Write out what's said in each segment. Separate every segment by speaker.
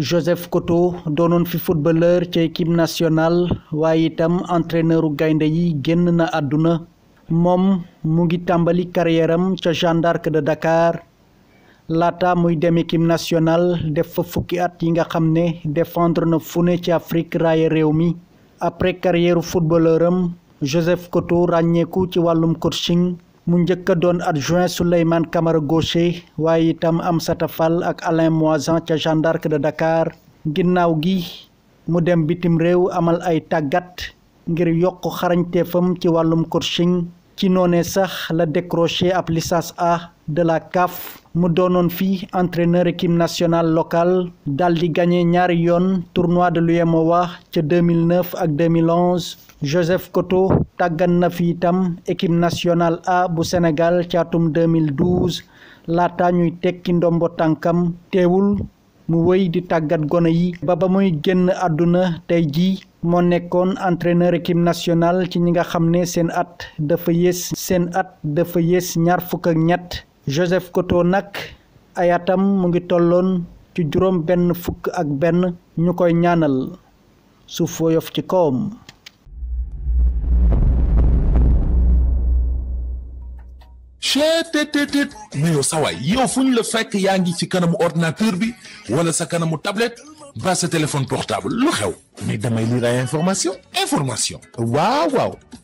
Speaker 1: Joseph coto doonoon fi footballeur ci équipe nationale waaye itam entraîneuru gaynde yi génn na àdduna moom mu ngi tàmbali carrière am ca Jeanne d'Arc de Dakar laata muy dem équipe nationale def fa fukki at yi nga xam ne défendre na fu ne ci Afrique raaye réew mi après carrière footballeur am Joseph coto ràññeeku ci wàllum coaching mu njëkk a doon adjoint Souleymane Camara Gaucher waaye itam am Fall ak Alain Moisan ca Jeanne de Dakar ginnaaw gi mu dem bitim réew amal ay tàggat ngir yokk xarañteefam ci wàllum coaching ci noonee sax la décroché ab licence A de la CAF mu doonoon fii entraîneur équipe national locale dal di gagné ñaari yoon tournoi de wax ca 2009 ak 2011 Joseph Koto tàggat na fii itam équipe national A bu Sénégal caatum 2012 laata ñuy tekki ndombo tànkam teewul. mu wéy di tàggat gone yi ba ba muy génn àdduna tey jii moo nekkoon entraîneur équipe national ci ñi nga xam ne seen at dafa yées seen at dafa yées ñaar fukk ak ñett Joseph Koto nag ay mu ngi tolloon ci juróom benn fukk ak benn ñu koy ñaanal suuf woyof ci kawam
Speaker 2: chettt mais yow sawaay yow fu ñu la fekk yaa ngi ci kanamu ordinateur bi wala sa kanamu tablette ba sa téléphone portable lu xew mais damay lire information information waaw waaw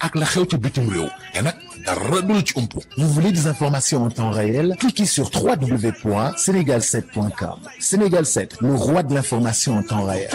Speaker 2: ak la xew ci bitim réew te nag dara du la ci ump. Vous voulez des informations en temps réel? Cliquez sur www.senegal7.com. Sénégal 7, le roi de l'information en temps réel.